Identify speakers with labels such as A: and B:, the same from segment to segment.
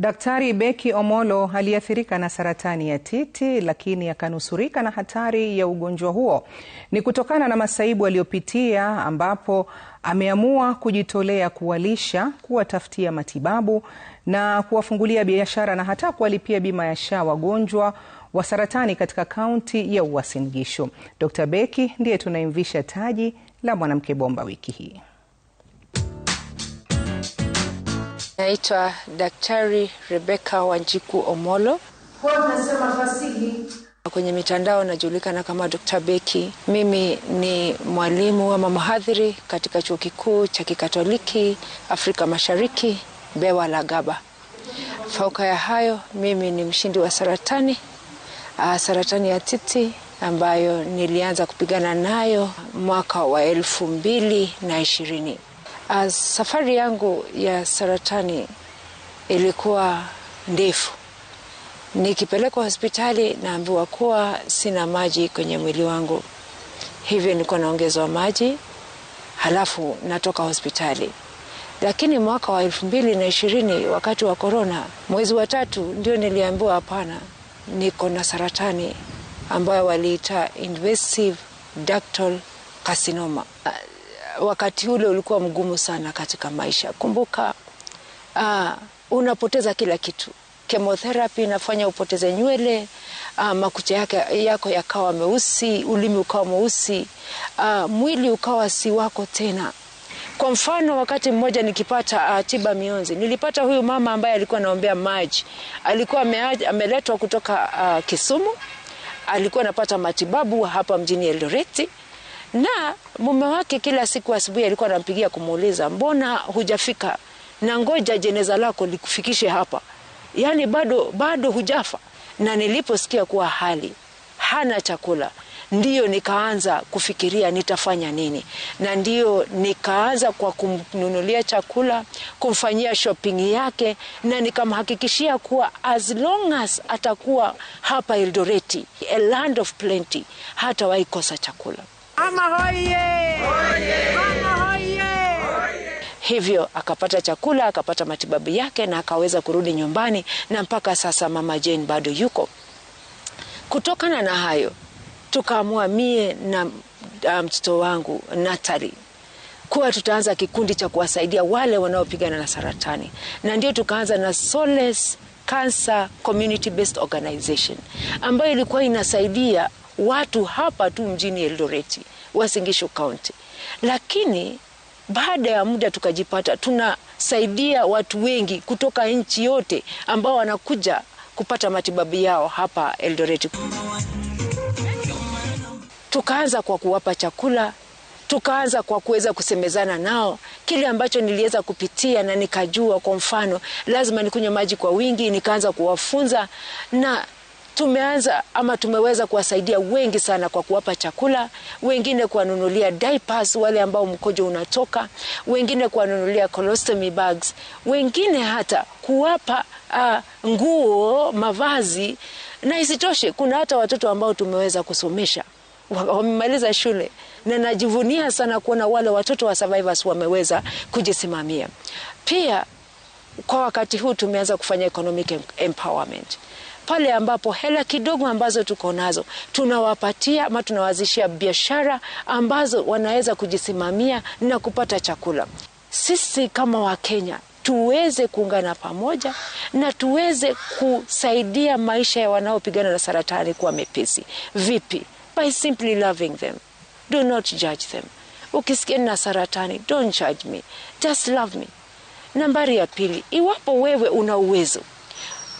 A: Daktari Beki Omollo aliathirika na saratani ya titi lakini akanusurika na hatari ya ugonjwa huo. Ni kutokana na masaibu aliyopitia ambapo ameamua kujitolea kuwalisha, kuwatafutia matibabu na kuwafungulia biashara na hata kuwalipia bima ya SHA wagonjwa wa saratani katika kaunti ya Uasin Gishu. Dkt. Beki ndiye tunaimvisha taji la mwanamke bomba wiki hii.
B: Naitwa Daktari Rebecca Wanjiku Omolo.
C: Nasema fasihi
B: kwenye mitandao najulikana kama Dr. Beki. Mimi ni mwalimu ama mhadhiri katika chuo kikuu cha Kikatoliki Afrika Mashariki Bewa la Gaba. Fauka ya hayo, mimi ni mshindi wa saratani, saratani ya titi ambayo nilianza kupigana nayo mwaka wa elfu mbili na ishirini. As safari yangu ya saratani ilikuwa ndefu. Nikipelekwa hospitali naambiwa kuwa sina maji kwenye mwili wangu, hivyo nilikuwa naongezwa maji halafu natoka hospitali. Lakini mwaka wa elfu mbili na ishirini wakati wa korona, mwezi wa tatu, ndio niliambiwa hapana, niko na saratani ambayo waliita invasive ductal carcinoma wakati ule ulikuwa mgumu sana katika maisha. Kumbuka uh, unapoteza kila kitu. Chemotherapy inafanya upoteze nywele uh, makucha yake, yako yakawa meusi, ulimi ukawa mweusi, uh, mwili ukawa si wako tena. Kwa mfano wakati mmoja nikipata uh, tiba mionzi, nilipata huyu mama ambaye alikuwa anaombea maji, alikuwa ameletwa kutoka uh, Kisumu, alikuwa anapata matibabu hapa mjini eloreti na mume wake kila siku asubuhi alikuwa anampigia kumuuliza, mbona hujafika? na ngoja jeneza lako likufikishe hapa, yaani bado, bado hujafa. Na niliposikia kuwa hali hana chakula, ndiyo nikaanza kufikiria nitafanya nini, na ndiyo nikaanza kwa kumnunulia chakula, kumfanyia shopping yake, na nikamhakikishia kuwa as long as atakuwa hapa Eldoreti, a land of plenty, hatawahi kosa chakula ama hoye! Hoye! hoye! Hivyo akapata chakula, akapata matibabu yake na akaweza kurudi nyumbani, na mpaka sasa mama Jane bado yuko. Kutokana na hayo, tukaamua mie na uh, mtoto um, wangu Natali kuwa tutaanza kikundi cha kuwasaidia wale wanaopigana na saratani, na ndio tukaanza na soles Cancer Community Based Organization ambayo ilikuwa inasaidia watu hapa tu mjini Eldoret, Wasingishu County, lakini baada ya muda tukajipata tunasaidia watu wengi kutoka nchi yote ambao wanakuja kupata matibabu yao hapa Eldoret. Tukaanza kwa kuwapa chakula, tukaanza kwa kuweza kusemezana nao kile ambacho niliweza kupitia na nikajua. Kwa mfano, lazima nikunywe maji kwa wingi, nikaanza kuwafunza na tumeanza ama tumeweza kuwasaidia wengi sana kwa kuwapa chakula, wengine kuwanunulia diapers wale ambao mkojo unatoka, wengine kuwanunulia colostomy bags, wengine hata kuwapa uh, nguo, mavazi. Na isitoshe kuna hata watoto ambao tumeweza kusomesha wamemaliza shule na najivunia sana kuona wale watoto wa survivors wameweza kujisimamia. Pia kwa wakati huu tumeanza kufanya economic empowerment pale ambapo hela kidogo ambazo tuko nazo tunawapatia ama tunawazishia biashara ambazo wanaweza kujisimamia na kupata chakula. Sisi kama Wakenya tuweze kuungana pamoja na tuweze kusaidia maisha ya wanaopigana na saratani kuwa mepesi. Vipi? By simply loving them. Do not judge them. Ukisikia na saratani, don't judge me, just love me. Nambari ya pili, iwapo wewe una uwezo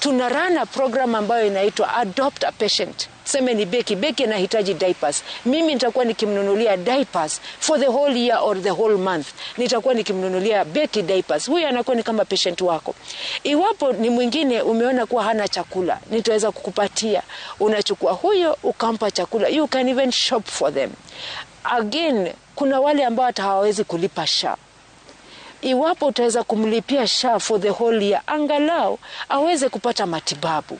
B: tuna run a program ambayo inaitwa adopt a patient tuseme ni beki beki anahitaji diapers mimi nitakuwa nikimnunulia diapers for the whole year or the whole month nitakuwa nikimnunulia beki diapers huyu anakuwa ni kama patient wako iwapo ni mwingine umeona kuwa hana chakula nitaweza kukupatia unachukua huyo ukampa chakula you can even shop for them again kuna wale ambao hata hawawezi kulipa shaa iwapo utaweza kumlipia SHA for the whole year, angalau aweze kupata matibabu.